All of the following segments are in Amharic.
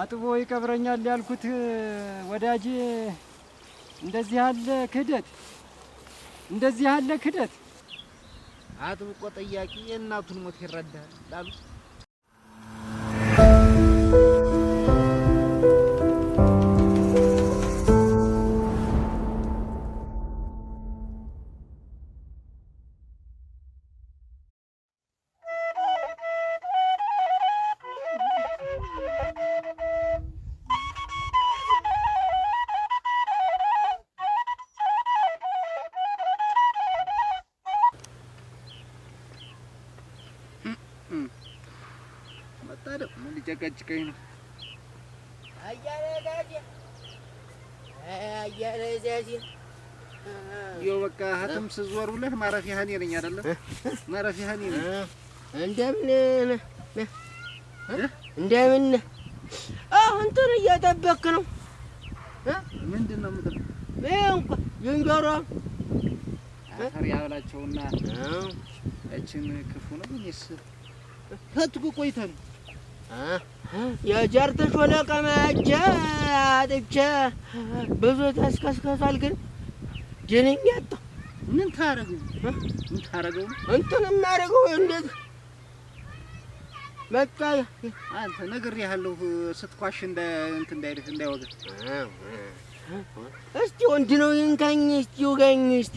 አጥቦ ይቀብረኛል ያልኩት ወዳጄ፣ እንደዚህ ያለ ክህደት እንደዚህ ያለ ክህደት አጥብቆ ጠያቂ የእናቱን ሞት ይረዳል ላሉት ልታጨቀጭቀኝ ነው? ይኸው በቃ ሀተም ስዞር ብለህ ማረፊያ እኔ ነኝ አይደለም? ማረፊያ እኔ ነኝ። እንደምን እንደምን እንትን እየጠበክ ነው? ምንድን ነው የምጠብቅ? ዝንጀሮ አፈር ያበላቸውና እችን ክፉ ነው። እኔስ ከትኩ ቆይተን የጀርት ሾለቀ መቼ አጥቼ ብዙ ተስከስከሷል፣ ግን ድንኝ ያጣ ምን ታረገው? ምን ታረገው? እንትን የማደርገው እንዴት መጣ? አንተ ነግሬሃለሁ፣ ስትኳሽ እንደ እንትን እንዳይደህ እንዳይወጋ። እስቲ ወንድ ነው ይንካኝ፣ እስቲ ይውጋኝ፣ እስቲ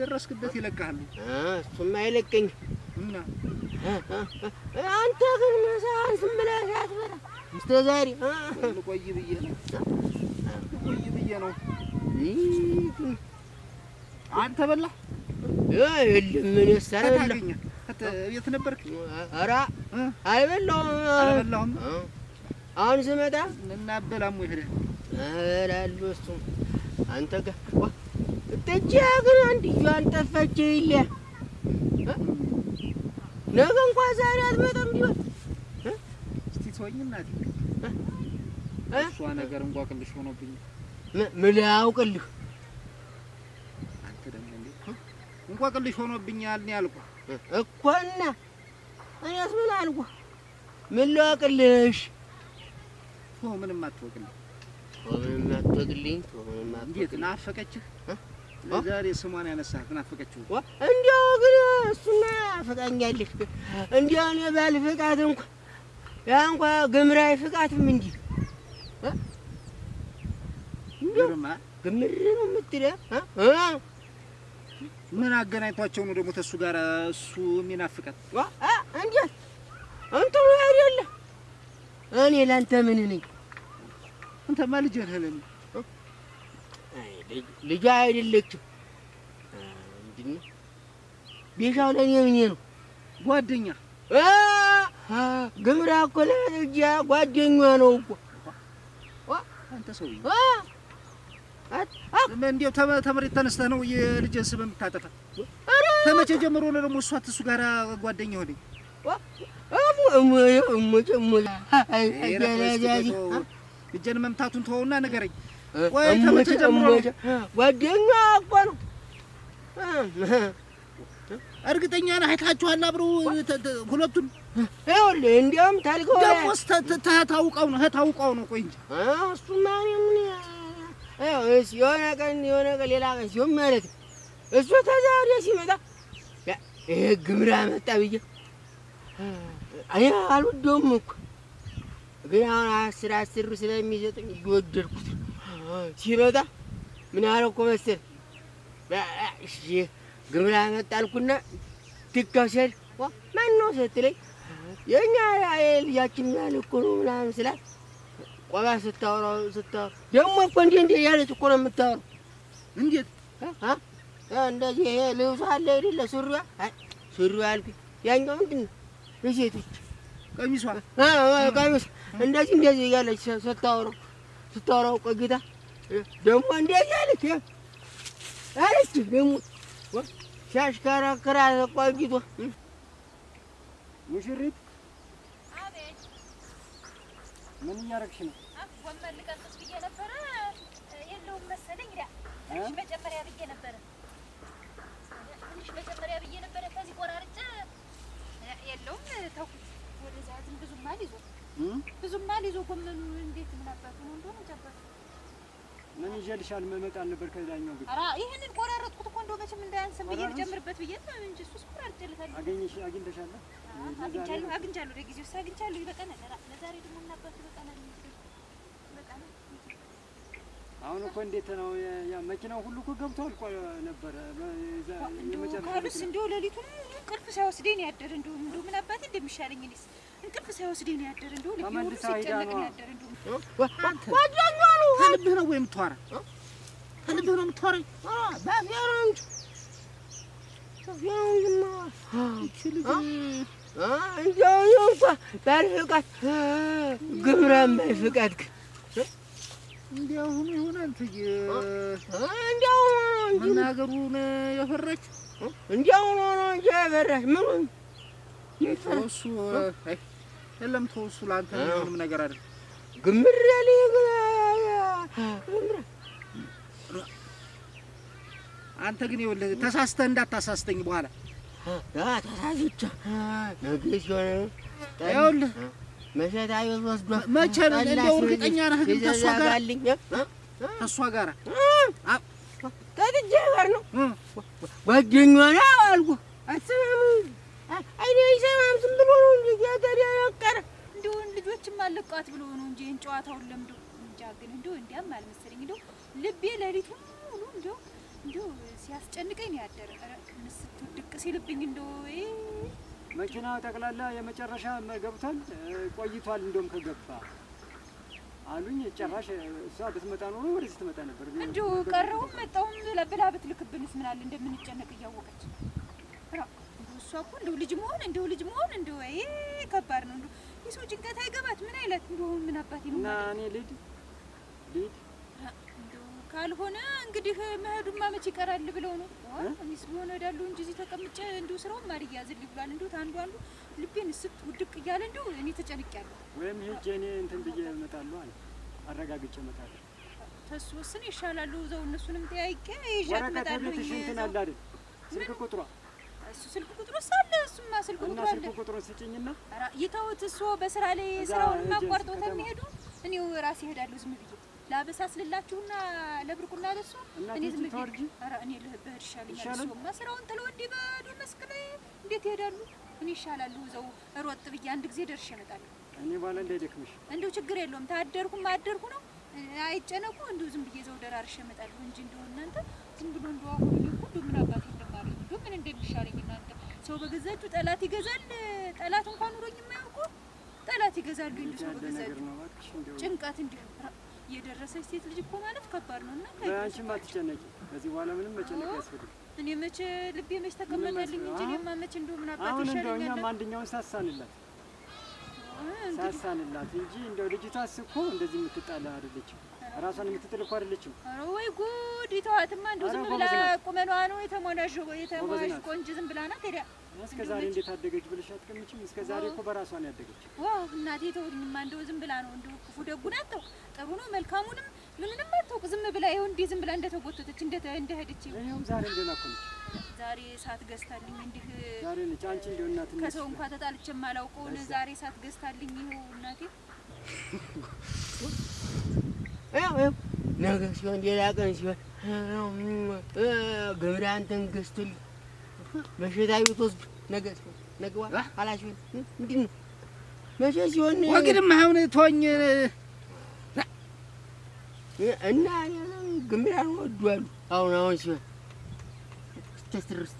ደረስክበት ይለቅሃሉ። እሱማ አይለቀኝም እና አንተ ግን መሳህን ዝም ብለህ አትበላ። እስከ ዛሬ ቆይ ብዬ ነው ብዬ ነው። አንተ በላ የለም የት ነበርክ? ኧረ አልበላሁም አልበላሁም። አሁን ስመጣ እናበላም ወይ አንተ ጋር እጠጪ ግን አንድ እጇን ጠፋች ይለህ ነገ እንኳን ዛሬ አትመጣም ቢሆን እስቲ ተወኝ እናቴ። እሷ ነገር እንጓቅልሽ ሆኖብኝ ምን ላውቅልህ። አንተ ደግሞ እንዴት እንጓቅልሽ ሆኖብኛል ነው ያልኩህ እኮ እና እኔስ ምን አልኩህ? ምን ላውቅልሽ? ምንም አትወቅልኝ። ምንም አትወቅልኝ። እንዴት ናፈቀችህ? ዛሬ ስሟን ያነሳት ናፈቀችው። እንዲያው ግን እሱና ፈቃኛለች። እንዲያው እኔ ባል ፍቃት እንኳ ያ እንኳ ፍቃትም እንዲህ ግምር ነው ምን አገናኝቷቸው ነው ደግሞ ተሱ ጋር እሱ እንዴት እንትኑ አይደለ እኔ ለአንተ ምን ነኝ? አንተማ ልጅ ልጅ አይደለችም። ምንድን ነው ቤሻው? ለእኔ ምኔ ነው ጓደኛ ግብራ እኮ ለልጃ ጓደኛ ነው እኮ አንተ ሰውዬው። እንዴው ተመሬት ተነስተህ ነው የልጄን ስም የምታጠፋ? ከመቼ ጀምሮ ነው ደግሞ እሷ እሱ ጋር ጓደኛ ሆነኝ? ልጄን መምታቱን ተወውና ንገረኝ። ጓደኛ እኮ ነው። እርግጠኛ ነህ? አይታችኋል አብረው ሁለቱን። ይኸውልህ እንዲያውም ታልከው ደግሞስ ታውቀው ነው ታውቀው ነው። ቆይ እንጂ እሱማ እኔ ምን የሆነ ቀን የሆነ ቀን ሌላ ቀን ሲሆን ማለት ነው እሱ ተዛ ሲመጣ ይሄ ግብራ መጣ ብዬ እኔ አልወደውም እኮ ግን አሁን አስር አስሩ ስለሚሰጠኝ እየወደድኩት ሲመጣ ምን ያህል መስል እሺ ግብር መጣልኩና ትከሰል ማን ነው ስትለኝ የእኛ ልጃችን ምን ያህል እኮ ነው ምናምን ስላት ቆባ ስታወራ ስታ ደግሞ እኮ እንዴ እንዴ ያለች እኮ ነው የምታወራው። እንዴት እንደዚህ ይሄ ልብሱ አለ የሌለ ሱሪዋ ሱሪዋ አልኩኝ። ያኛው ምንድን ነው የሴቶች ቀሚሷ ቀሚስ እንደዚህ እንደዚህ ያለች ስታወራው ስታወራው ቆይታ ደግሞ እንዴት አለች አለች ደግሞ ሲያሽከረክራ ቆንጅቶ ሙሽሪት ምን እያደረግሽ ነው? ጎመን ልቀቅስ ብዬ ነበረ። የለውም መሰለኝ። ትንሽ መጨመሪያ ብዬ ነበረ ትንሽ መጨመሪያ ብዬ ነበረ። ከዚህ ቆራርጬ የለውም ተውኩት። ወደዚያ ዝም ብዙም አልይዞ ብዙም አልይዞ ጎመኑ እንዴት ምን ነው እንደሆነ ጨበርኩት ምን ይዤልሻል? መመጣል ነበር ከዛኛው ግቢ። ኧረ ይሄንን ቆራረጥኩት እኮ እንደው መቼም እንዳያንስም ብዬሽ ልጨምርበት ብዬሽ ነው እንጂ እሱስ ቆራርጬልታለሁ። አገኘሽ? አግኝተሻለሁ? አግኝቻለሁ፣ አግኝቻለሁ። ለጊዜው እሱ አግኝቻለሁ። ይበቃናል። ኧረ ለዛሬ ደግሞ እናባቱ ይበቃናል። አሁን እኮ እንዴት ነው ያ መኪናው ሁሉ እኮ ገብቶ አልቆ ነበረ። እንደው ካሉስ እንደው ሌሊቱን እንቅልፍ ሳይወስደኝ ያደረ እንደው እንደው ምን አባቴ እንደሚሻለኝ እኔስ እንቅልፍ ሳይወስደኝ ነው ያደረ። እንደው ልብ ሁሉ ሲጨነቅ ነው ያደረ። እንደው አንተ ወዳኛሉ ከልብህ ነው ወይ የምትዋራ? ከልብህ ነው የምትዋራ? ባፌራ እንጂ ባፌራ እንጂማ ይችል እንዲያው እንኳ ባል ፈቃድ ግብራም ባይ ፈቃድ ግን እንዲያው ሆኖ ይሆናል። ትዬ እንዲያው መናገሩን የፈራች እንዲያው ሆኖ ነው እንጂ ያበራሽ ምኑን እሱ አይ የለም ተው፣ እሱ ለአንተ ምንም ነገር አይደለም። ግምር ያለ አንተ ግን ይኸውልህ ተሳስተህ እንዳታሳስተኝ በኋላ ተሳስቼ ነው እንደው እርግጠኛ ነህ ግን ተሷ ጋር ተሷ ጋር ነው ነው አይኔ አይሰማም። ዝም ብሎ ነው እንጂ እያተዳቀረ እንደውን ልጆችም አለቃት ብሎ ነው እንጂ ይህን ጨዋታውን ለምዶ እንጃ። ግን እንደው እንዲያም አልመሰለኝ እንደው ልቤ ሌሊቱ ሙሉ እንደው እንደው ሲያስጨንቀኝ ያደረ። ምስቱ ድቅ ሲልብኝ እንደው መኪና ጠቅላላ የመጨረሻ ገብቷል ቆይቷል። እንደውም ከገባ አሉኝ ጨራሽ እሷ ብትመጣ ኖሮ ወደዚህ ትመጣ ነበር። እንደው ቀረውም መጣውም ብላ ብትልክብንስ ምናል እንደምንጨነቅ እያወቀች እሷ እኮ እንደው ልጅ መሆን እንደው ልጅ መሆን እንደው ከባድ ነው። እንደው የሰው ጭንቀት አይገባት ምን አይለት እንደው ምን አባቴ ነው እና እኔ ልሂድ ልሂድ ካልሆነ እንግዲህ መሄዱማ መቼ ይቀራል ብለው ነው ሚስ ሆነ እሄዳለሁ እንጂ እዚህ ተቀምጬ እንደው ስራውም አልያዝልኝ ብሏል። እንደው ታንዱ አንዱ ልቤን ስት ውድቅ እያለ እንደው እኔ ተጨንቄያለሁ። ወይም ሂጅ እኔ እንትን ብዬ እመጣለሁ አለ አረጋግጬ እመጣለሁ። ተስወስን ወስን ይሻላሉ። እዛው እነሱንም ጠያይቄ ይዣት እመጣለሁ። ወረቀት ቤትሽ እንትን አለ አይደል ስልክ ቁጥሯ እሱ ስልክ ቁጥሩስ አለ። እሱማ ስልክ ቁጥሩ አለ። ስልክ ቁጥሩን ስጪኝና ይተውት። እሱ በስራ ላይ ስራውን አቋርጦ ተሚሄዱ እኔው ራሴ እሄዳለሁ ዝም ብዬ ላበሳስልላችሁና ለብርቁና ለሱ እኔ ዝም ብዬ ኧረ እኔ ልህብህ ይሻለኛል። እሱማ ስራውን ተለው እንዲህ በዱር መስክ ላይ እንዴት ይሄዳሉ? እኔ ይሻላሉ እዛው ሮጥ ብዬ አንድ ጊዜ ደርሼ እመጣለሁ። እኔ በኋላ እንዳይደክምሽ እንደው ችግር የለውም ታደርኩም አደርኩ ነው አይጨነቁ። እንደው ዝም ብዬ እዛው ደራርሼ እመጣለሁ እንጂ እንደው እናንተ ዝም ብሎ እንደው አሁን ሁሉ ምን አባቴ ምን እንደሚሻለኝ እናንተ። ሰው በገዛ እጁ ጠላት ይገዛል። ጠላት እንኳን ኑሮኝ የማያውቁ ጠላት ይገዛል። ግን ሰው በገዛ እጁ ጭንቀት እንዲሁ የደረሰች ሴት ልጅ እኮ ማለት ከባድ ነው እና አንቺም አትጨነቂ። ከዚህ በኋላ ምንም መጨነቅ ያስፈልግ እኔ መቼ ልቤ መች ተቀመጠልኝ እንጂ እኔማ መች እንደው ምን አባት ይሻለኛል። አሁን እንደው እኛም አንደኛውን ሳሳንላት ሳሳንላት እንጂ እንደው ልጅቷስ እኮ እንደዚህ የምትጣላ አይደለችም። ራሷን የምትጥል እኮ አይደለችም። ኧረ ወይ ጉድ! ተዋትማ እንደው ዝም ብላ ቁመኗ ነው የተሞነሽ የተሞነሽ ቆንጆ ዝም ብላ ናት። ሄዳ እስከ ዛሬ እንዴት አደገች ብለሽ አትቀምጪም? እስከ ዛሬ እኮ በራሷ ያደገች። ዋው እናቴ ተውኝማ፣ እንደው ዝም ብላ ነው እንደው ክፉ ደጉን አታውቅ፣ ጥሩ ነው መልካሙንም ምንንም አታውቅ። ዝም ብላ ይኸው እንዲህ ዝም ብላ እንደተጎተተች እንደሄደች ይኸውም ዛሬ ገና እኮ ነች። ዛሬ እሳት ገዝታልኝ እንዲህ ዛሬ ነች። አንቺ እንደው እናት ከሰው እንኳን ተጣልቼ የማላውቀውን ዛሬ እሳት ገዝታልኝ ይኸው እናቴ ነገ ሲሆን ሌላ ቀን ሲሆን ገብረ አንተን ገዝቶልኝ መሸታ ቤት ወስድ ነገ ሲሆን ነገ ዋል አላችሁኝ። ምንድን ነው መቼ ሲሆን ወግድም አሁን ቶኝ እና ግምት ወዱ አሉ አሁን አሁን ሲሆን ስተስርስ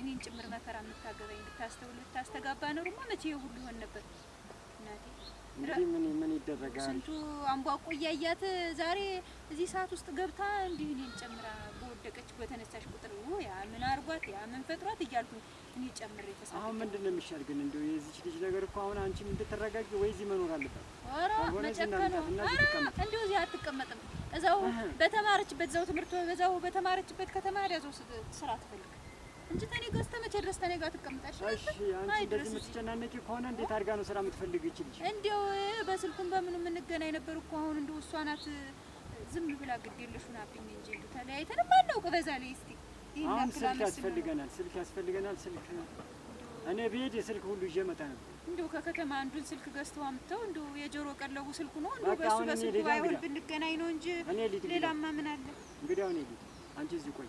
እኔን ጭምር መከራ የምታገበኝ ብታስተውል ብታስተጋባ ኖሮማ መቼ ሁሉ ይሆን ነበር። ምን ምን ይደረጋል? ስንቱ አንቧቆ እያያት ዛሬ እዚህ ሰዓት ውስጥ ገብታ እንዲህ እኔን ጨምራ በወደቀች በተነሳሽ ቁጥር ያ ምን አርጓት ያ ምን ፈጥሯት እያልኩኝ እኔ ጨምሬ ተሳ አሁን ምንድን ነው የሚሻል ግን የዚች ልጅ ነገር እኮ አሁን አንቺም እንድትረጋጊ ወይ እዚህ መኖር አለበት። ኧረ መጨከኑ እዚህ አትቀመጥም። እዛው በተማረችበት እዛው ትምህርት በዛው በተማረችበት ከተማ ስራ ትፈልግ እንጂ ከእኔ ጋር እስከ መቼ ድረስ ከእኔ ጋር ትቀምጣሽ? እሺ አንቺ እንደዚህ የምትጨናነቂ ከሆነ እንዴት አድርጋ ነው ስራ የምትፈልግ ይችልሽ? እንደው በስልኩም በምኑ የምንገናኝ ነበር እኮ አሁን እንደው እሷ ናት ዝም ብላ ግድ የለሽ እንጂ እንደው ተለያይተንም አናውቅ። በዛ ላይ እስኪ አሁን ስልክ ያስፈልገናል፣ ስልክ ያስፈልገናል። ስልክ እኔ ብሄድ የስልክ ሁሉ ይዤ እመጣ ነበር። እንደው ከከተማ አንዱን ስልክ ገዝተው አምጥተው እንደው የጆሮ ቀለቡ ስልኩ ነው። እንደው በእሱ በስልኩ ባይሆን ብንገናኝ ነው እንጂ ሌላማ ምን አለ እንግዲህ። አሁን ሄድ አንቺ እዚህ ቆይ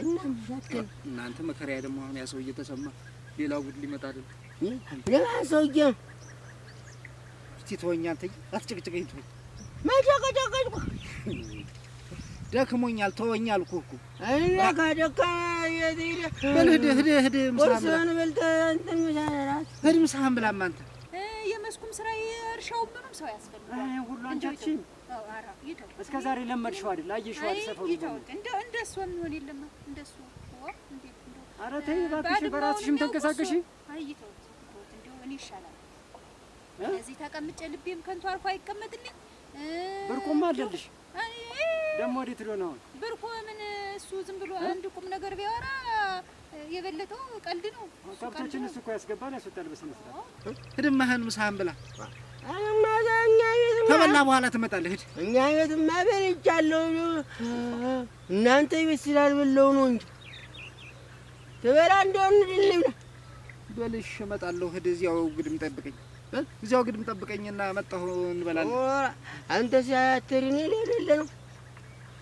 እናንተ መከራ ደግሞ አሁን ያ ሰውዬ ተሰማ፣ ሌላ ጉድ ሊመጣ አይደል? ሌላ ሰውዬ እስቲ ተወኝ አንተ፣ አትጨቅጭቀኝ። ተወኝ መጨቀጨቀኝ ደክሞኛል፣ ተወኝ አልኩህ እኮ እና ከደካ ቁርስህን በልተህ እንትን ምሳህን ብላማ አንተ የመስኩም ስራ የእርሻው ምኑም ሰው ያስፈልጋል ሁሉ አንቺ እስከ ዛሬ ለመድሽው አይደል? አየሽው አይደል? ሰፈሩ እንደሱ የሚሆን የለም። እንደሱ ኧረ ተይ እባክሽ፣ በራስሽም ተንቀሳቀሽ። እኔ ይሻላል እዚህ ተቀምጬ ልቤም ከንቱ አርፎ አይቀመጥልኝ። ብርቁም አለልሽ ደግሞ ወዴት ሊሆን አሁን ብርቁ ምን እሱ ዝም ብሎ አንድ ቁም ነገር ቢያወራ የበለጠው ቀልድ ነው። ከብቶችን እሱ እኮ ያስገባል ያስወጣል። በስነ ስርዓት ህድማህን ምሳህን ብላ ከበላ በኋላ ትመጣለህ። ሂድ። እኛ እናንተ ቤት ነው እንጂ ትበላ እንደሆን በልሽ እመጣለሁ። ሂድ። እዚያው ግድም ጠብቀኝ፣ እዚያው ግድም ጠብቀኝና መጣሁ እንበላለን። አንተ ሌለ ነው።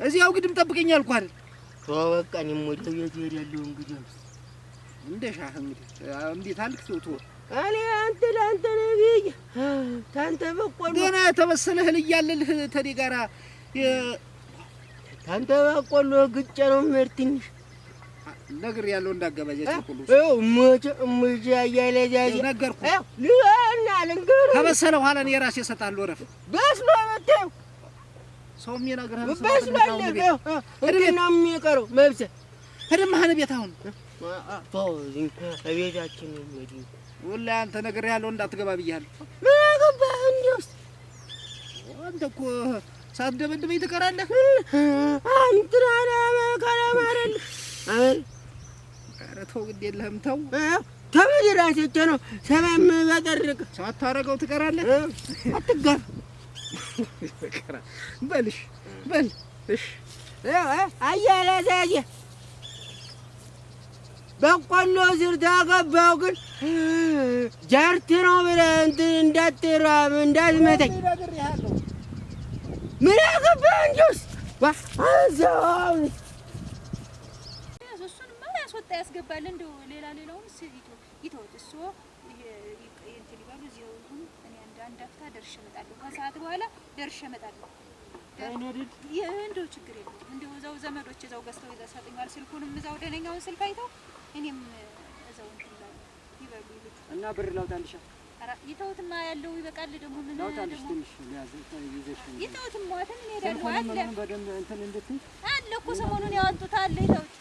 እዚያው ግድም ጠብቀኝ አይደል? በቃ እኔም ወደ ቤት እንግዲህ እንደ ሻህ እንግዲህ እንዴት አልክ? እኔ አንተ ለአንተ ነብይ ታንተ በቆሎ ገና የተበሰለ እህል እያለልህ ተኔ ጋራ ታንተ በቆሎ ግጬ ነው የምሄድ። ትንሽ ነግር ያለው እንዳገባጃች ሁሉ እው ሙጭ ሙጭ ያያለጃጅ ነገርኩ። ልዋና ልንገር ከበሰለ በኋላ እኔ ራሴ እሰጣለሁ። ወረፍ በስሎ መጣው ሰውም ይናገራል። በስሎ ነው የሚቀረው መብሰል። ሄደህ መሀል ቤት አሁን ቤታችን ሁላ አንተ ነገር ያለው እንዳትገባ ብያለሁ። ምን አገባህ? እንዲያው አንተ እኮ ሳትደበድበኝ ትቀራለህ። ኧረ ተው ግድ የለህም ተው ተመድራሴቸ ነው ሰማም በጠርቅ ሳታረገው ትቀራለህ። አትጋፍ በልሽ በል እሺ አያለ በቆሎ ስር ታገባው ግን ጀርት ነው ብለህ እንትን እንዳትራ እንዳትመተኝ። ምን አገባህ እንጆስ እሱንማ ያስወጣ ያስገባል። እንደው ሌላ ሌላውን ይተውት። እሱ እንትን ይበሉ እዚያው እኔ አንድ አፍታ ደርሼ እመጣለሁ። ከሰዓት በኋላ ደርሼ እመጣለሁ። እንደው ችግር የለውም። እንደው እዛው ዘመዶች እዛው ገዝተው ይዘው ስልኩንም እዛው ደነኛውን ስልክ አይተው እኔም እዛው ይበሉ እና ብር ይተውትማ ያለው ይበቃል። ደግሞ ምን ላውጣ አንድ ሺህ ይዘሽ ይተውትም ዋትም እሄዳለሁ አለ በደምብ እንትን እንድትይ አለ እኮ ሰሞኑን ይተውት።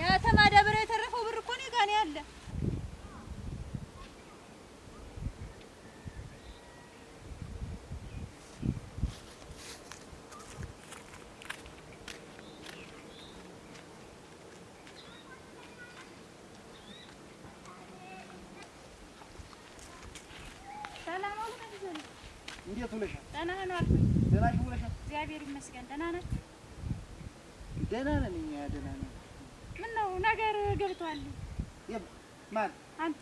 ያ ተማዳበሪያ የተረፈው ብር እኮ እኔ ጋር ነው ያለ እግዚአብሔር ይመስገን። ደህና ናችሁ? ደህና ነን እኛ ደህና ነን። ምን ነው ነገር ገብቷል? ማን አንተ?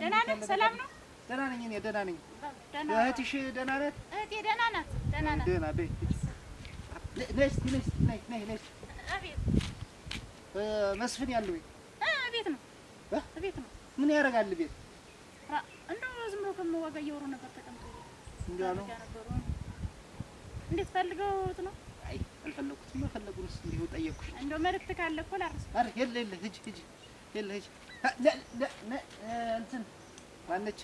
ደህና ነህ? ሰላም ነው? ደህና ነኝ እኔ ደህና ነኝ። እህትሽ ደህና ናት? እህቴ ደህና ናት። ደህና ናት። ደህና በይ። ነይ እስኪ ነይ እስኪ ነይ አቤት። መስፍን ያለው ቤት ነው ቤት ነው። ምን ያደርጋል ቤት? እንደው ዝም ብሎ ከመዋጋ እየወሩ ነበር ተቀምጦ እንዲያ ነው እንዴት ፈልገውት ነው? አይ አልፈለኩትማ። ፈለጉንስ እንዲሁ ጠየኩሽ። እንደው መልዕክት ካለ እኮ ላርስ። ኧረ የለ የለ፣ ሂጅ ሂጅ፣ የለ ሂጅ። እንትን ማነች?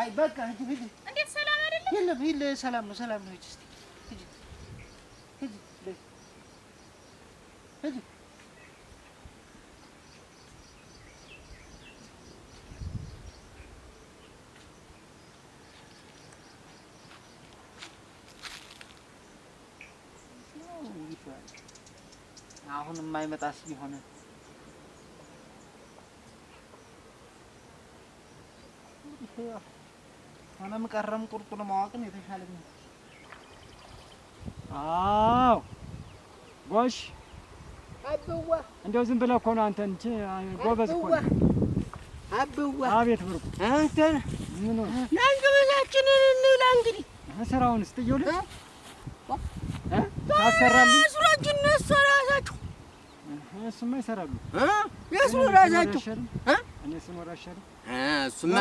አይ በቃ ሂጅ ሂጅ። እንዴት ሰላም አይደለም? የለም፣ የለ፣ ሰላም ነው፣ ሰላም ነው። ሂጅ እስኪ ሂጅ ሂጅ አሁን የማይመጣ ቢሆን ሆነም ቀረም ቁርጡን ማወቅን የተሻለ ነው። አዎ ጎሽ፣ አብዋ እንደው ዝም ብለህ እኮ ነው አንተ እንጂ ጎበዝ እኮ ነው። አብዋ አቤት፣ ብርቁ አንተ ምን ነው ናንገበላችንን እንብላ እንግዲህ ስራውን ስትየው ልህ አሰራልኝ ስራችን ነሰራ እሱማ ይሰራሉ። የእሱ እራሳቸው እኔ ስኖር አይሻልም? እሱማ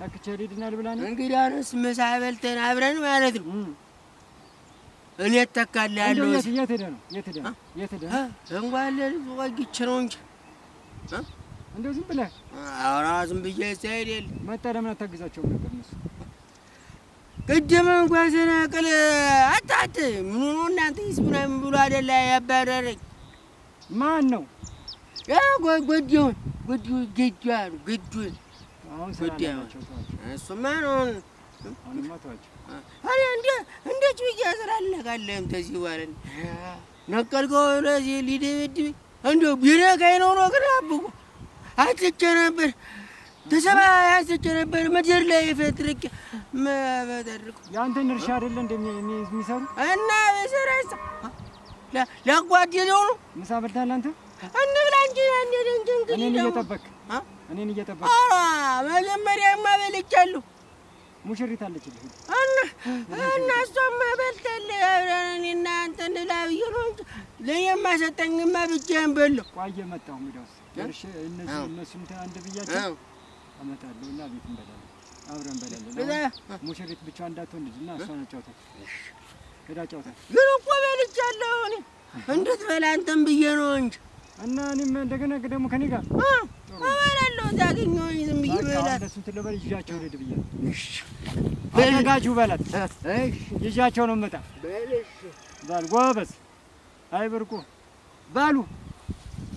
ታክቼ አልሄድናል ብላ ነው እንግዲህ። አሁንስ ምሳ በልተን አብረን ማለት ነው። እኔ እተካልሀለሁ። የት ሄደህ ነው? የት ሄደህ ነው? የት ሄደህ ነው? እንኳን ቆይቼ ነው እንጂ እንደው ዝም ብለህ ኧረ ዝም ብዬ ስሄድ የለ መጣ። ለምን አታግዛቸውም ነበር እነሱ ቅድም እንኳን ስነቅል አታትም ምን ሆኖ እናንተ ይስቡናል ብሎ አይደለ ያባረረኝ ማን ነው? ጎዲዮን ጎዲዮን ገዱ አሉ ገዱን እሱማ አሁን እንደች ብዬ ስራ ተዚህ በኋላ ነቀልከው ለዚህ ሊደበድበኝ እንደው ቢነካኝ ነው ነው ግን አብቁ አትቼ ነበር ተሰባ ያስቸ ነበር ምድር ላይ ፈትርቅ መፈጠርቁ ያንተን እርሻ አይደለ እንደሚሰሩ እና በሰራ ላጓድለው ነው። ምሳ በልተሃል አንተ? እንብላ እንጂ አንዴ እንጂ እንግዲህ እኔን እየጠበቅ እኔን እየጠበቅ ኧረ መጀመሪያማ በልቻለሁ። ሙሽሪት አለችልህ እና እና እሷማ በልታለህ። እኔ እና አንተ እንብላ ብዬሽ ነው እንጂ ለእኔማ ሰጠኝማ ብቻዬን በለው። ቆይ መጣሁ እንግዲያውስ ደርሼ እነሱ እነሱም አንድ ብያቸው እመጣለሁ እና ቤት እንበላለን፣ አብረን እንበላለን። ሙሽሪት ብቻዋን እንዳትሆን ልጅ እና እሷን አጫውታል። ሄዳ አጫውታል ምን እኮ ወድጃለሁ። እኔ እንድትበላ አንተም ብዬ ነው እንጂ እና እኔም እንደገና ደግሞ ከኔ ጋር እበላለሁ። ታገኘሁኝ ዝም ብዬ እበላለሁ። እሱን ትለበል ይዣቸው ልሂድ ብያለሁ። በነጋችሁ በላት ይዣቸው ነው የምመጣ። በል ጎበዝ። አይ ብርቁ በሉ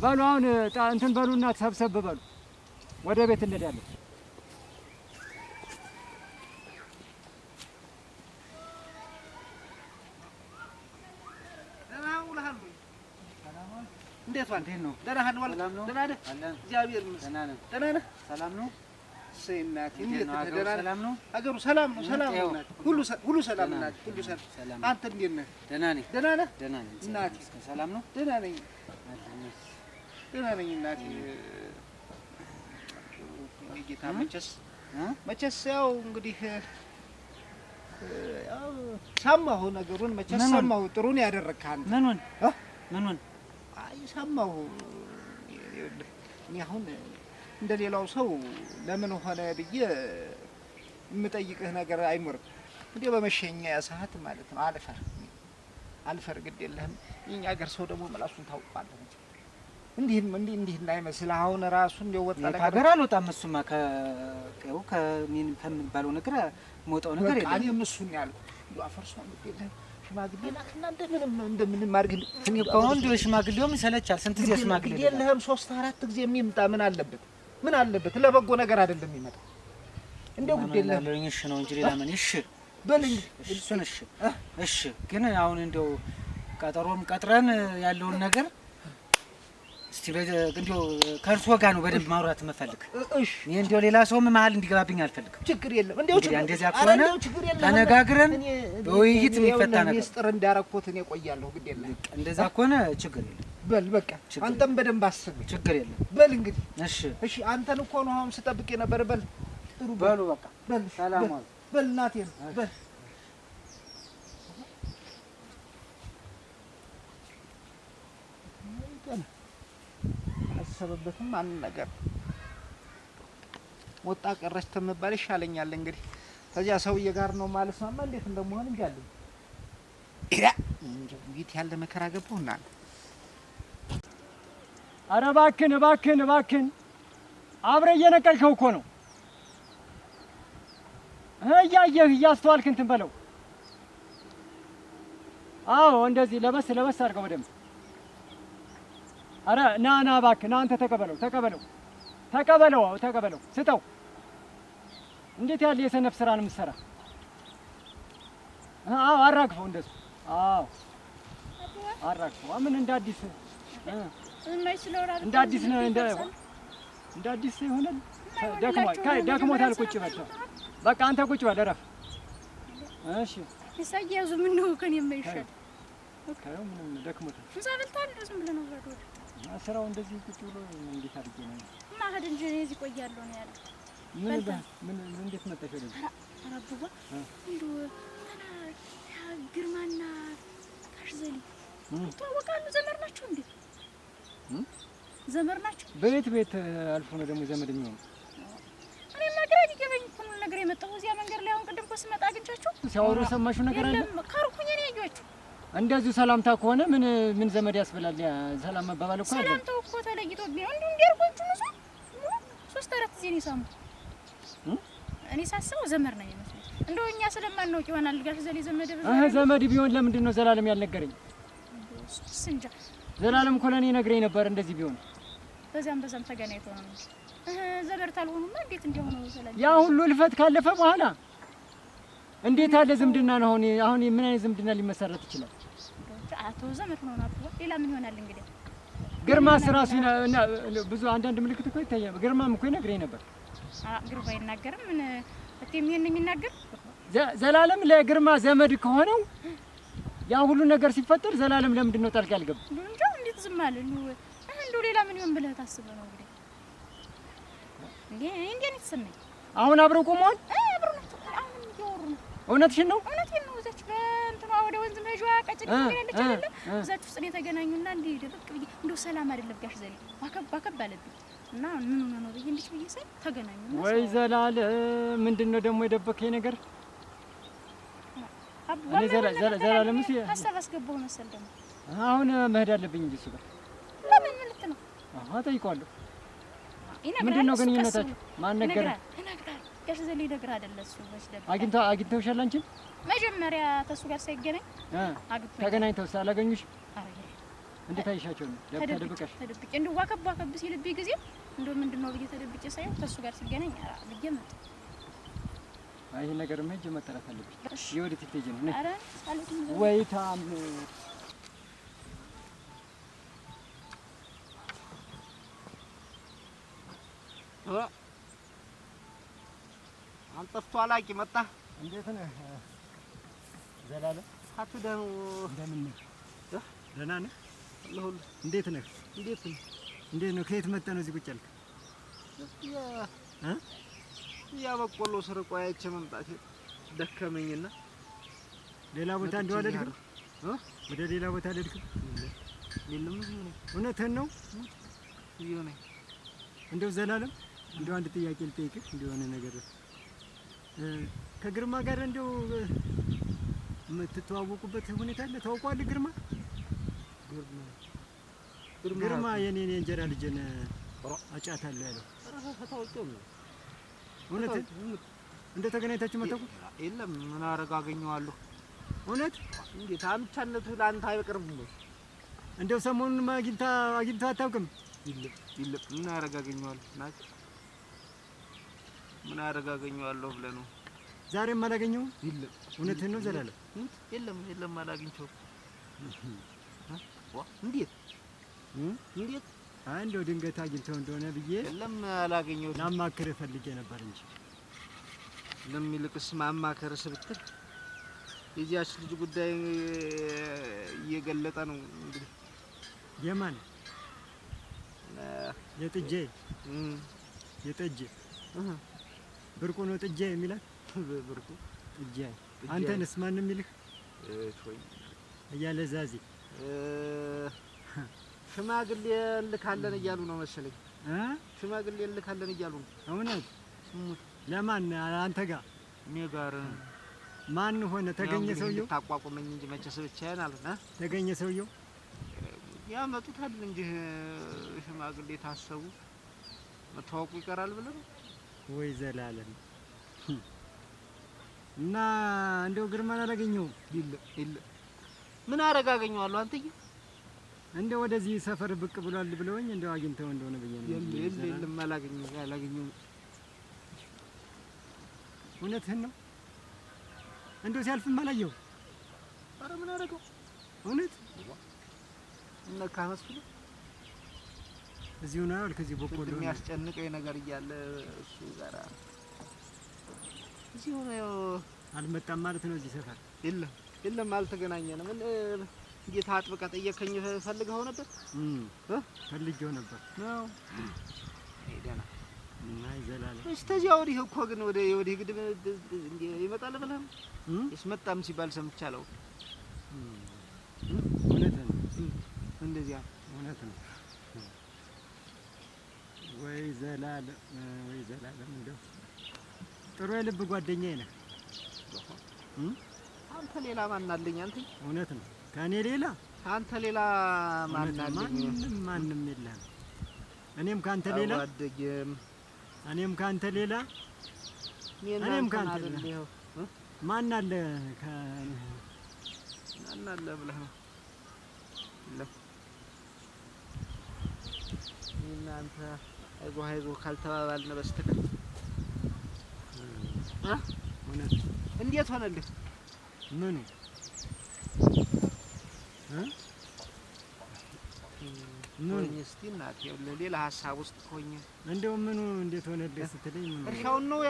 በሉ፣ አሁን እንትን በሉና ሰብሰብ በሉ፣ ወደ ቤት እንሄዳለን። እንዴት ዋልክ? ይሄን ነው ደህና ነህ? ደህና ነህ? እግዚአብሔር ይመስገን። ደህና ነህ? ሰላም ነው። እሰይ ሰላም ነው። ሰላም ነው። ሰላም ሁሉ ሰላም እናቴ፣ ሁሉ ሰላም። አንተ እንዴት ነህ? ደህና ነኝ። ደህና ነህ? ደህና ነኝ እናቴ። ሰላም ነው። ደህና ነኝ። ደህና ነኝ እናቴ። ጌታ መቼስ መቼስ ያው እንግዲህ ሰማሁ ነገሩን መቼስ ሰማሁ። ጥሩን ያደረግህ አንተ ምኑን ምኑን አይሰማው። እኔ አሁን እንደ ሌላው ሰው ለምን ሆነ ብዬ የምጠይቅህ ነገር አይኖርም። እንዲ በመሸኛ ያ ማለት ነው አልፈር አልፈር ግድ የለህም። የኛ አገር ሰው ደግሞ ምላሱን ታውቋለህ። እንዲህ እንዲህ እንዲህ እንዳይመስል አሁን ራሱ እንደ ወጣ ነገር ከሀገር አልወጣም። እሱማ ከቀው ከሚን ከምባለው ነገር መውጣው ነገር የለም። እሱን ያልኩት አፈርሷ ግድ የለህም ሽማግሌ ላክና እንደምንም እንደምንም አድርግ። እኔ እኮ አሁን እንደው ሽማግሌውም ይሰለቻል። ስንት ጊዜ ሽማግሌ የለህም። ሶስት አራት ጊዜ የሚምጣ ምን አለበት? ምን አለበት? ለበጎ ነገር አይደለም የሚመጣ እንደው እሺ ነው እንጂ ሌላ ምን? እሺ በልኝ። እሱን እሺ፣ እሺ። ግን አሁን እንደው ቀጠሮም ቀጥረን ያለውን ነገር እስቲ እንዲያው ከእርሶ ጋር ነው በደንብ ማውራት የምፈልግ። እኔ እንዲያው ሌላ ሰውም መሀል እንዲገባብኝ አልፈልግም። ችግር የለም እንዲያው እንደዚያ ከሆነ ተነጋግረን በውይይት የሚፈታ ነገር ሚስጥር እንዳረኩት እኔ ቆያለሁ። ግድ የለም እንደዛ ከሆነ ችግር የለም። በል በቃ አንተም በደንብ አስብ። ችግር የለም በል እንግዲህ። እሺ እሺ አንተን እኮ ነው አሁን ስጠብቅ የነበረ። በል ጥሩ በሉ በቃ በል ሰላም በል እናቴ በል አልተሰበሰበበትም። አንድ ነገር ወጣ ቀረች ተምባል ይሻለኛል። እንግዲህ ከዚያ ሰውዬ ጋር ነው ማለት ነው። እንዴት እንደመሆን እንጂ አለኝ እንጂ እንዴት ያለ መከራ ገባሁና፣ አረ እባክህን እባክህን እባክህን አብረህ እየነቀልከው እኮ ነው። እያየህ እያስተዋልክ እንትን በለው። አዎ እንደዚህ ለበስ ለበስ አድርገው በደንብ አረ ና ና እባክህ ና አንተ ተቀበለው ተቀበለው ተቀበለው ተቀበለው ስጠው። እንዴት ያለ የሰነፍ ስራ ነው የምትሰራ? አዎ አራግፈው፣ እንደሱ አዎ አራግፈው። ምን እንደ አዲስ እንደ አዲስ ነው እንደ እንደ አዲስ ይሆናል። ደክሞታል ደክሞታል። ቁጭ በል በቃ አንተ ቁጭ በል እረፍ። እሺ ይሳያዙ ምን ነው ከኔ የማይሻል ምንም ደክሞታል። ምሳ በልተሃል? ዝም ብለህ ነው ስራው እንደዚህ ቁጭ ብሎ እንዴት አድርጌ ነው እና ሀድ እንጂ እኔ እዚህ ቆያለሁ ነው ያለው። ምን ባ ምን እንዴት መጣሽ ወደ እዚህ? ኧረ አቡባ እንደው ግርማና ታሽ ዘሊ ይተዋወቃሉ? ዘመድ ናቸው እንዴ? ዘመድ ናቸው። በቤት ቤት አልፎ ነው ደግሞ ዘመድ የሚሆኑ። እኔማ ግራ ሊገባኝ እኮ ነው ነገር የመጣሁ እዚያ መንገድ ላይ አሁን ቅድም እኮ ስመጣ አግኝቻቸው ሲያወሩ ሰማሽው ነገር አለ ከርኩኝ እኔ ያየኋቸው እንደዚሁ ሰላምታ ከሆነ ምን ምን ዘመድ ያስብላል? ሰላም መባባል እኮ አይደል? ሰላምታው እኮ ተለይቶብኝ ነው። እንዴ እንዲያርጎቹ ነው ሶስት አራት ጊዜ ነው የሳሙት። እኔ ሳስበው ዘመድ ነው የሚመስለው። እንደው እኛ ስለማናውቅ ይሆናል ጋር ዘሌ ዘመድ ብዙ አህ ዘመድ ቢሆን ለምንድን ነው ዘላለም ያልነገረኝ? ስንጃ ዘላለም እኮ ለእኔ ነግረኝ ነበር። እንደዚህ ቢሆን በዛም በዛም ተገናኝቶ ነው እህ ዘመድ ታልሆኑማ እንዴት እንደሆነ ዘላለም ያ ሁሉ ልፈት ካለፈ በኋላ እንዴት አለ ዝምድና ነው አሁን? አሁን ምን አይነት ዝምድና ሊመሰረት ይችላል? አቶ ዘመድ ሌላ ምን ይሆናል እንግዲህ። ግርማስ እራሱ ብዙ አንዳንድ ምልክት እኮ ይታያል። እኮ ይነግረኝ ነበር። ግርማ አይናገርም። ምን እቴም ይሄን የሚናገር ዘላለም ለግርማ ዘመድ ከሆነው ያ ሁሉ ነገር ሲፈጠር ዘላለም ለምንድን ነው ጣልቃ ያልገባ? እንጃ እንዴት ዝም አለ? እንደው ሌላ ምን ይሆን ብለህ ነው እንግዲህ። እንዴ እንዴ ነው አሁን አብረው ቆመዋል እውነትሽን ነው እውነቴን ነው። እዛች በእንትኗ ወደ ወንዝ መሄጃ ቀጭን ያለች አይደለ? እዛች ውስጥ የተገናኙና እንዲህ ደበቅ ብዬ እንደው ሰላም አይደለም ጋሽ ዘሌ ዋከብ ዋከብ አለብኝ እና ምን ሆነ ነው ብዬ እንዲች ብዬ ሳይ ተገናኙ። ወይ ዘላለ ምንድን ነው ደግሞ የደበከኝ ነገር? ዘላለም ስ ሀሳብ አስገባሁ መሰል ደግሞ አሁን መሄድ አለብኝ እንጂ እሱ ጋር ለምን ምን ነው? አዎ እጠይቀዋለሁ። ምንድን ነው ግንኙነታችሁ? ማን ነገረ ያሽ ዘሊ ነገር አይደለ እሱ ወሽ ደግ አግኝታ አግኝተውሻል። አንቺን መጀመሪያ ተሱ ጋር ሳይገናኝ አግኝቶ ተገናኝተው ሳላገኙሽ እንዴት አይሻቸው ነው? ተደብቀሽ ተደብቄ እንደው ዋከብ ዋከብ ሲልብኝ ጊዜ እንደው ምንድን ነው ብዬ ተደብቄ ሳይሆን ተሱ ጋር ሲገናኝ ኧረ ብዬ መጣ። አይ ነገር ምን ጀመረ መጠራት አለብሽ። የወዲት ትሄጂ ነው? ኧረ ወይ ታም አ አንጠፍቶ አላቂ መጣ። እንዴት ነህ ዘላለም? አቱ ደህና እንደምን ነህ? ደህና ነህ? ለሁሉ እንዴት ነህ? እንዴት ነህ? እንዴት ነው? ከየት መጣ ነው እዚህ ቁጭ ያልክ? ያ በቆሎ ስር ቆይቼ መምጣት ደከመኝና ሌላ ቦታ እንደው አልሄድክም? ወደ ሌላ ቦታ አልሄድክም? የለም እዚሁ ነኝ። እውነትህን ነው? እዚሁ ነኝ። እንደው ዘላለም እንደው አንድ ጥያቄ ልጠይቅህ እንደሆነ ነገር ከግርማ ጋር እንደው የምትተዋወቁበት ሁኔታ አለ? ታውቋል? ግርማ ግርማ የኔን የእንጀራ ልጅን አጫታለሁ ያለው እውነት? እንደ ተገናኝታችሁ መተኩ የለም። ምን አረጋ አገኘዋለሁ። እውነት እንዴት አምቻነቱ ለአንተ አይቀርም። እንደው ሰሞኑን አግኝታ አግኝታ አታውቅም? ይልቅ ይልቅ ምን አረጋ አገኘዋለሁ ናቸው ምን አደርግ አገኘዋለሁ ብለህ ነው? ዛሬም አላገኘሁም። የለም፣ እውነትህን ነው ዘላለም? የለም፣ የለም፣ አላግኝቼውም። እንዴት እንዴት? እንደው ድንገት አግኝተው እንደሆነ ብዬ። የለም፣ አላገኘሁትም። ላማክርህ ፈልጌ ነበር እንጂ ለም ለሚልቅስ ማማከርስ ብትል የዚያች ልጅ ጉዳይ እየገለጠ ነው እንግዲህ። የማን የጥጄ የጥጄ ብርቁ ነው ጥጃ የሚላል ብርቁ ጥጃ። አንተንስ ማን የሚልህ እያለ ዛዜ ሽማግሌ እልካለን እያሉ ነው መሰለኝ። ሽማግሌ እልካለን እያሉ ነው። እውነት ለማን? አንተ ጋር እኔ ጋር ማን ሆነ? ተገኘ ሰውየው ታቋቁመኝ እንጂ መቼስ ብቻዬን አሉና ተገኘ ሰውየው ያመጡታል እንጂ ሽማግሌ ታሰቡ መታወቁ ይቀራል ብለህ ነው ወይ ዘላለም እና እንደው ግርማን አላገኘሁም። የለ የለ ምን አረጋገኘዋለሁ? አገኘዋለሁ? አንተዬ እንደው ወደዚህ ሰፈር ብቅ ብሏል ብለውኝ እንደው አግኝተው እንደሆነ ብዬ ነው። የለ ይል ይል አላገኘሁም አላገኘሁም። እውነትህን ነው? እንደው ሲያልፍም አላየሁም። ኧረ ምን አደረገው? እውነት እና ካህመስኩ እዚሁ ነው ያልክ። እዚህ በቆሎ የሚያስጨንቀኝ ነገር እያለ እሱ ጋራ እዚሁ ነው። አልመጣም ማለት ነው። እዚህ ሰፈር የለም፣ የለም፣ አልተገናኘንም። ጌታ አጥብቀ ጠየከኝ። ፈልገው ነበር ፈልጌው ነበር ነው ሄደና እስተዚያ ወዲህ እኮ ግን ወደ ወዲህ ግድም ይመጣል ብለህ ይስመጣም ሲባል ሰምቻለሁ። እውነት ነው እንደዚያ እውነት ነው። ወይ ዘላለም ወይ ዘላለም እንደው ጥሩ የልብ ጓደኛዬ ነህ። አንተ ሌላ ማን አለኝ? አንተ እውነት ነው። ከእኔ ሌላ አንተ ሌላ ማን ማንም የለህም። እኔም ከአንተ ሌላ አደገም። እኔም ከአንተ ሌላ እኔም ከአንተ ሌላ ማን አለ? ማን አለ ብለህ ነው እናንተ አይዞ አይዞ ካልተባባልን በስተቀር እንዴት ሆነልህ? ምኑ ምን እስቲ እናቴ ሌላ ሀሳብ ውስጥ ሆኜ እንደው ምኑ እንዴት ሆነልህ ስትለኝ እርሻውን ነው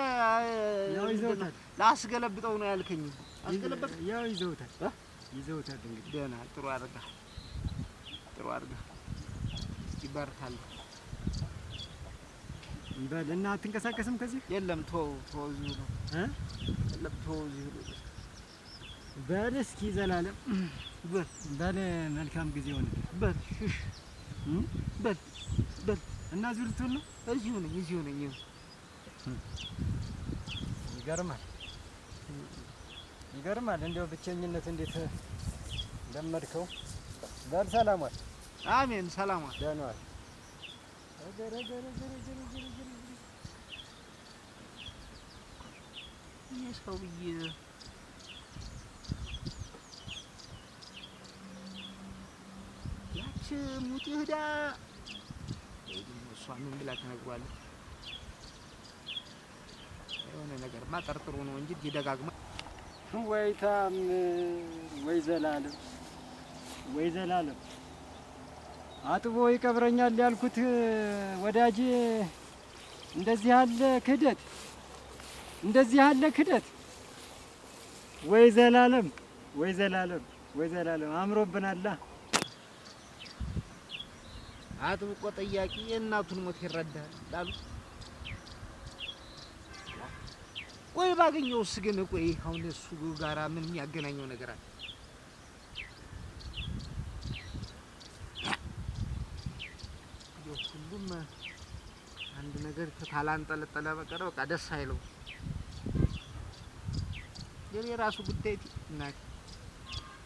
ይዘውታል። ላስገለብጠው ነው ያልከኝ? አስገለበጥ ያው ይዘውታል፣ ይዘውታል። እንግዲህ ደህና ጥሩ አድርጋ ጥሩ አድርጋ እስቲ በል እና አትንቀሳቀስም ከዚህ? የለም ተወው ተወው፣ እዚሁ ነው እ የለም እዚሁ ነው። በል እስኪ ዘላለም በል በል፣ መልካም ጊዜ ሆነ። በል ሽሽ በል በል እና እዚሁ ልትሆን ነው? እዚሁ ነኝ፣ እዚሁ ነኝ። ይገርማል፣ ይገርማል። ብቸኝነት እንዴት ለመድከው። በል ሰላም ዋል። አሜን፣ ሰላም ዋል። ደህና ዋል። ይሄ ሰውዬ ያች ሙጤ ሄዳ እሷ ምን ብላ ተነግሯለች? የሆነ ነገርማ ጠርጥሮ ነው እንጂ ይደጋግማ ወይ ወይ ዘላለም ወይ ዘላለም አጥቦ ይቀብረኛል ያልኩት ወዳጄ፣ እንደዚህ ያለ ክህደት፣ እንደዚህ ያለ ክህደት! ወይ ዘላለም፣ ወይ ዘላለም፣ ወይ ዘላለም! አምሮብናላ። አጥብቆ ጠያቂ የእናቱን ሞት ይረዳል ላሉ ቆይ ባገኘውስ ግን ቆይ አሁን እሱ ጋራ ምን የሚያገናኘው ነገር አለ? ምክንያቱም አንድ ነገር ካላንጠለጠለ በቀረ በቃ ደስ አይለው። የኔ ራሱ ጉዳይ እና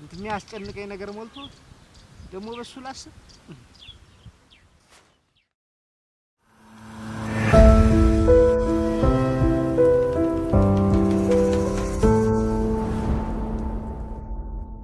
እንትን የሚያስጨንቀኝ ነገር ሞልቶ ደግሞ በሱ ላስብ